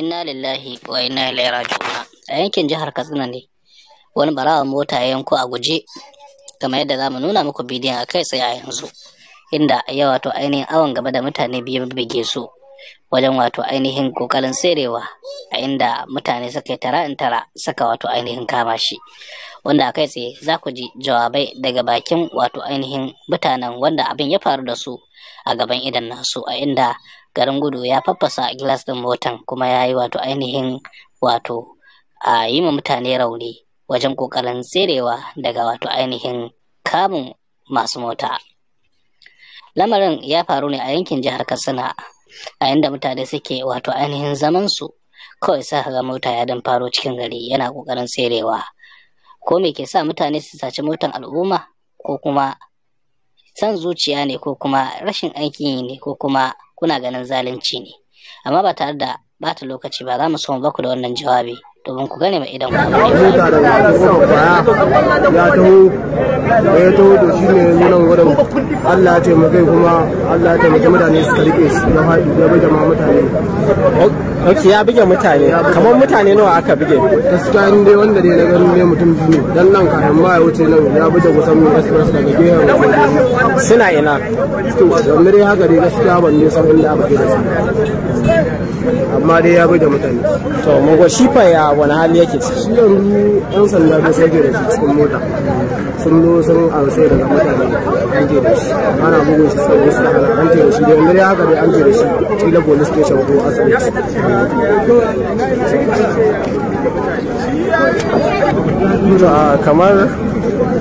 inna lillahi wa inna ilaihi raji'un a yankin jihar katsina ne wani barawa mota ya yanko a guje kamar yadda zamu nuna muku bidiyon a kai tsaye a yanzu inda ya wato ainihin awon gaba da mutane biyu bige su wajen wato ainihin kokarin tserewa a inda mutane suka tara in tara suka wato ainihin kama shi wanda a kai tsaye za ku ji jawabai daga bakin wato ainihin mutanen wanda abin ya faru da su a gaban idan nasu a inda garin gudu ya faffasa gilas ɗin motan kuma ya yi wato ainihin wato a yi ma mutane rauni wajen kokarin tserewa daga wato ainihin kamun masu mota. Lamarin ya faru ne a yankin jihar Katsina a inda mutane suke wato ainihin zamansu kawai sa ga mota ya dan faro cikin gari yana kokarin tserewa. Ko me ke sa mutane su saci motan al'umma ko kuma san zuciya ne ko kuma rashin aiki ne ko kuma kuna ganin zalunci ne amma ba tare da bata lokaci ba za mu so mu baku da wannan jawabi domin ku gane ma idan ku mota da ya taho ya taho to shi ne nunan wurin Allah ya taimake kuma Allah ya taimake mutane suka rike shi ya haɗu ya bai da mutane ok ya bige mutane kamar mutane nawa aka bige gaskiya ni dai wanda dai na ne mutum biyu dan nan kafin ba ya wuce nan ya bige kusan mu express daga gehen suna ina to wanda dai haka dai gaskiya ban ne san inda ba bige amma dai ya bige mutane to mun go shi fa ya wani hali yake ciki shi yanzu yan sanda da sai da shi cikin mota sun zo sun ansa daga mutane an je da shi ana bugun shi sai wasu hana an je da shi dai wanda dai haka dai an je da shi kila police station ko asibiti kamar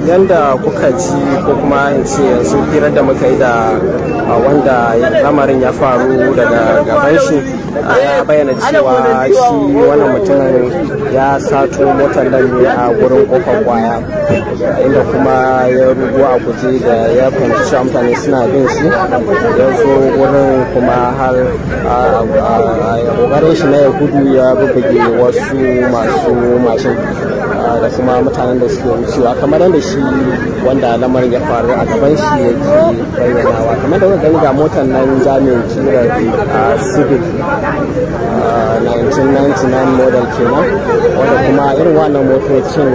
yadda kuka ji ko kuma in ce yanzu firar da muka yi da wanda lamarin ya faru daga gaban shi ya bayyana cewa shi wannan mutumin ya sato motar nan ne a gurin kofar kwaya inda kuma ya rugu a guje da ya fahimci cewa mutane suna bin shi ya zo wurin kuma har a kokarin shi na ya gudu ya bubbuge wasu masu mashin da kuma mutanen da suke wucewa kamar yadda shi wanda lamar ya faru a gaban shi ya yake bayyanawa kamar da kuka gani ga motar nan jami'in a civic 1999 model kenan wanda kuma irin wannan motocin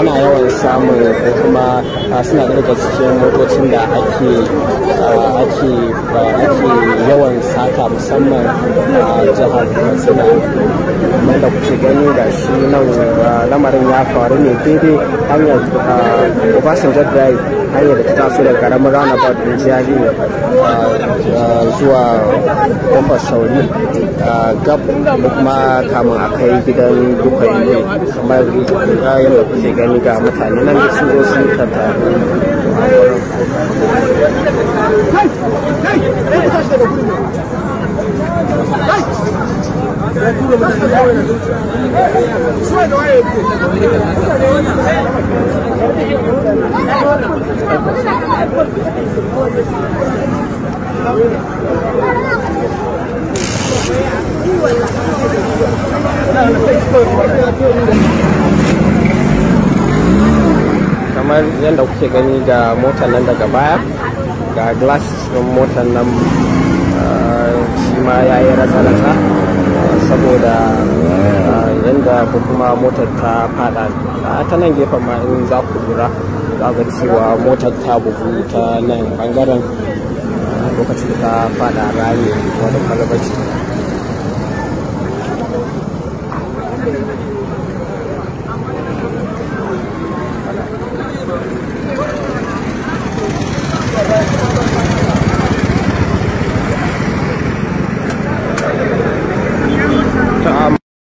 ana yawan samun ko kuma ah, suna daga cikin motocin da ake ah, ake ah, ake yawan sata musamman a jihar katsina kamar da kuke gani da shi nan lamarin ya faru ne daidai hanyar obasanjo drive hanyar da ta taso daga karamin roundabout din zuwa kofar sauri gab da kuma kamun a kai gidan dukkan ne kamar da kuke gani ga mutane nan su zo sun tattaru Hey! Hey! kamar yadda kuke gani ga motar nan daga baya ga glass motar nan ah, shi ma rasa-rasa saboda eh. ah, yadda ko kuma motar ta fada ta nan gefen ma in za ku lura za ga cewa motar ta bugu ta nan bangaren ah, lokacin ta fada rami wani kwalabaci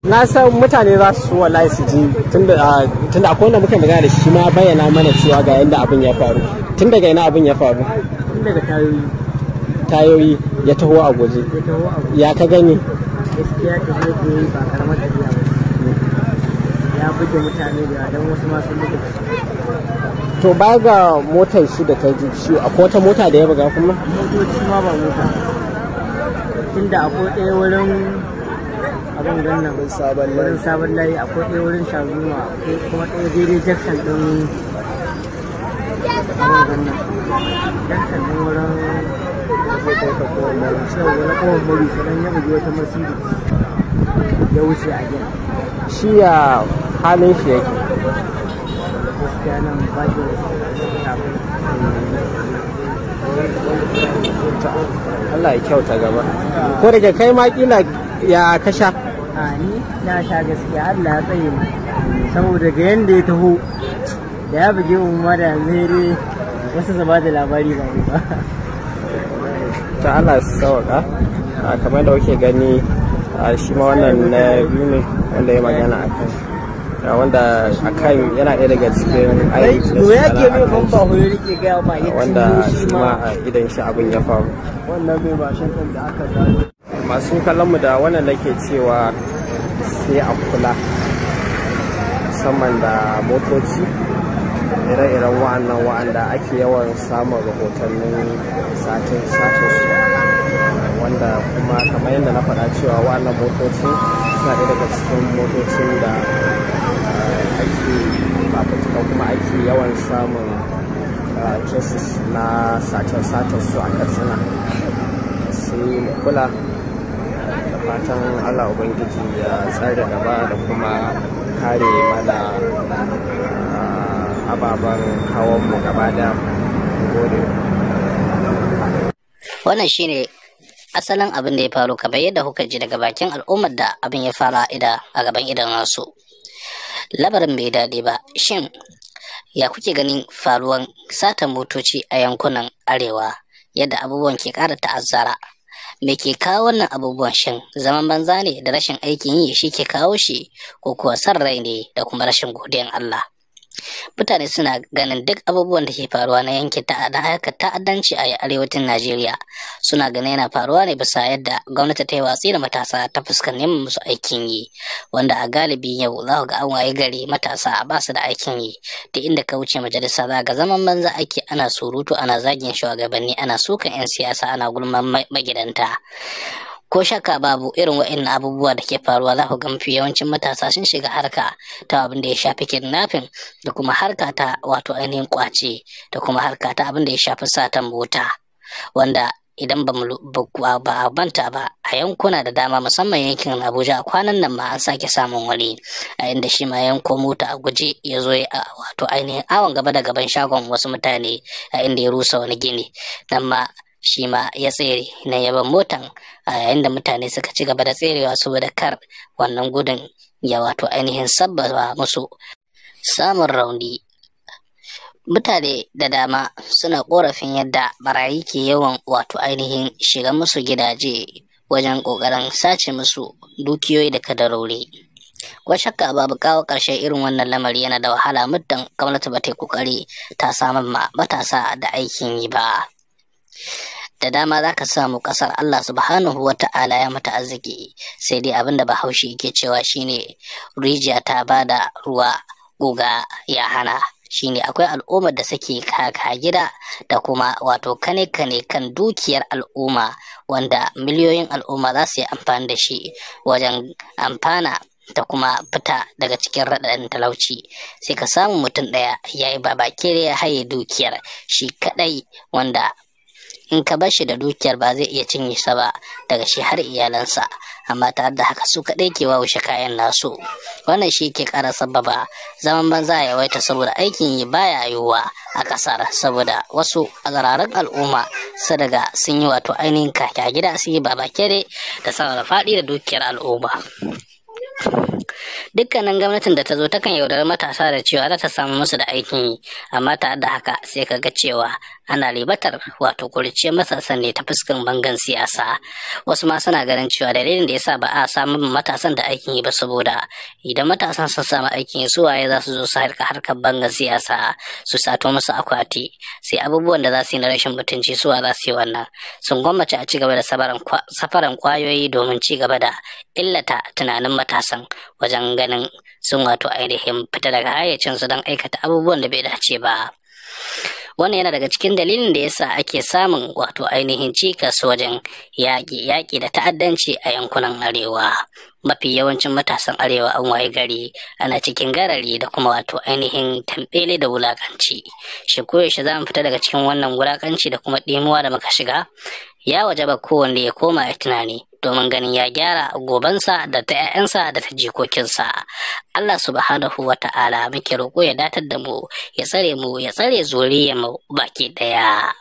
na san mutane za su wallahi su ji tunda akwai wanda muka magana da shi ma bayyana mana cewa ga yadda abin ya faru tun daga ina abin ya faru tun daga tayoyi tayoyi ya taho a guje ya ka gani gaskiya ta zo da yi ba karamar tafiya ba ya buge mutane da dan wasu masu buga to ba ga motar shi da ta ji shi akwai wata mota da ya buga kuma motoci ma ba mota tunda akwai ɗaya wurin wurin nan wurin sabon layi akwai ɗaya wurin shazuma akwai kuma ɗaya daidai jakshan ɗin wurin jakshan ɗin wurin wani ya wata mercedes ya wuce a gina shi ya halin shi yake gaskiya nan Allah ya kyauta gaba ko daga kai ma ya kasha a ni na sha gaskiya Allah ya tsaye mu saboda ga yanda ya taho da ya buge mu ma da zere wasu su da labari ba ba ta Allah su sauka ah, kamar da kuke gani ah, shi ma wannan na biyu ne wanda ya magana a kai ah, wanda a kan yana ɗaya daga cikin ayyukan da ya ke mai rike gaya ya wanda shi ma a gidan shi abin ya faru wannan mai bashin da aka zaro masu kallonmu da wannan nake cewa sai a kula musamman da motoci ire-iren wa'annan wa'anda ake yawan samun rahotannin satin satin su wanda kuma kamar yadda na faɗa cewa wa'annan motoci suna ɗaya daga cikin motocin da ake fafutuka kuma ake yawan samun ah, cases na satin satin su a katsina sai mu kula fatan allah ubangiji ya tsare gaba da kuma kare mana ah, ababen hawanmu gaba da gode wannan shi ne asalin abin da ya faru kamar yadda kuka ji daga bakin al'ummar da abin ya fara a gaban idan nasu labarin bai daɗi ba shin ya kuke ganin faruwan satan motoci a yankunan arewa yadda abubuwan ke ƙara ta'azzara me ke kawo wannan abubuwan shin zaman banza ne da rashin aikin yi shi ke kawo shi ko kuwa son rai ne da kuma rashin godiyan Allah mutane suna ganin duk abubuwan da ke faruwa na yankin harkar ta'addanci a arewacin najeriya suna ganin yana faruwa ne bisa yadda gwamnati ta yi watsi da matasa ta fuskar neman musu aikin yi wanda a galibi yau za ga an waye gari matasa a basu da aikin yi Da inda ka wuce majalisa za ga zaman banza ake ana surutu ana zagin shugabanni ana sukan 'yan siyasa ana gulman magidanta ko shakka babu irin wa'in abubuwa da ke faruwa za ku ga mafi yawancin matasa sun shiga harka ta abin da ya shafi kidnapping da kuma harka ta wato ainihin kwace da kuma harka ta abin da ya shafi satan mota wanda idan ba a banta ba a yankuna da dama musamman yankin abuja a kwanan nan ma an sake samun wani a inda shi ma yanko mota a guje ya zo a wato ainihin awon gaba da gaban shagon wasu mutane a inda ya rusa wani gini nan ma shi ma ya tsere na yaban motan a yayin da mutane suka ci gaba da tserewa saboda kar wannan gudun ya wato ainihin sabbaba musu samun rauni mutane da dama suna korafin yadda barayi ke yawan wato ainihin shiga musu gidaje wajen ƙoƙarin sace musu dukiyoyi da kadarori. Ko shakka babu kawo ƙarshe irin wannan lamari yana da wahala muddin gwamnati ba ta yi kokari ta samun matasa da aikin yi ba. da dama za ka samu ƙasar Allah subhanahu wa ta'ala ya mata arziki sai dai abinda bahaushe ke cewa shine rijiya ta bada ruwa guga ya hana shine akwai al'ummar da suke kaka gida da kuma wato kane kane kan dukiyar al'umma wanda miliyoyin al'umma za su yi amfani da shi wajen amfana da kuma fita daga cikin raɗaɗin talauci sai ka samu mutum ɗaya ya yi babakere ya haye dukiyar shi kaɗai wanda in ka bar shi da dukiyar ba zai iya cinye sa ba daga shi har iyalansa amma tare da haka su kaɗai ke wawushe kayan nasu wannan shi ke ƙara sababa zaman banza ya yawaita saboda aikin yi baya yiwuwa a ƙasar saboda wasu azararrun al'umma su daga sun yi wato ainihin kaka gida su yi baba kere da saboda faɗi da dukiyar al'umma dukkanin gwamnatin da ta zo takan yaudar matasa da cewa za ta samu musu da aikin yi amma tare da haka sai ka ga cewa ana libatar wato kurce matasan ne ta fuskar bangan siyasa wasu ma suna ganin cewa dalilin da yasa ba a samun matasan da aikin yi ba saboda idan matasan sun samu aikin yi waye za su zo su harka harkar bangan siyasa su sato musu akwati sai abubuwan da za su yi na rashin mutunci suwa za su yi wannan sun gwammace a ci gaba da safaran kwayoyi domin ci gaba da illata tunanin matasan wajen ganin sun wato ainihin fita daga hayyacinsu don aikata abubuwan da bai dace ba. wannan yana daga cikin dalilin da yasa ake samun wato ainihin cikas wajen yaƙi da ta'addanci a yankunan arewa mafi yawancin matasan arewa an waye gari ana cikin garari da kuma wato ainihin tambele da wulakanci shi koyaushe za mu fita daga cikin wannan wulakanci da kuma ɗimuwa da muka shiga ya waje ba kowanne ya koma ya tunani domin ganin ya gyara gobansa da ta 'ya'yansa da ta jikokinsa. Allah subhanahu wa ta'ala muke roƙo ya datar da mu ya tsare mu ya tsare zuriyar mu baki ɗaya.